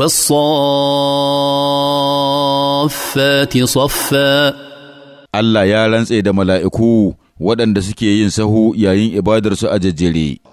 والصافات صفا Allah ya rantse da mala'iku waɗanda suke yin sahu yayin ibadarsu a jejjere.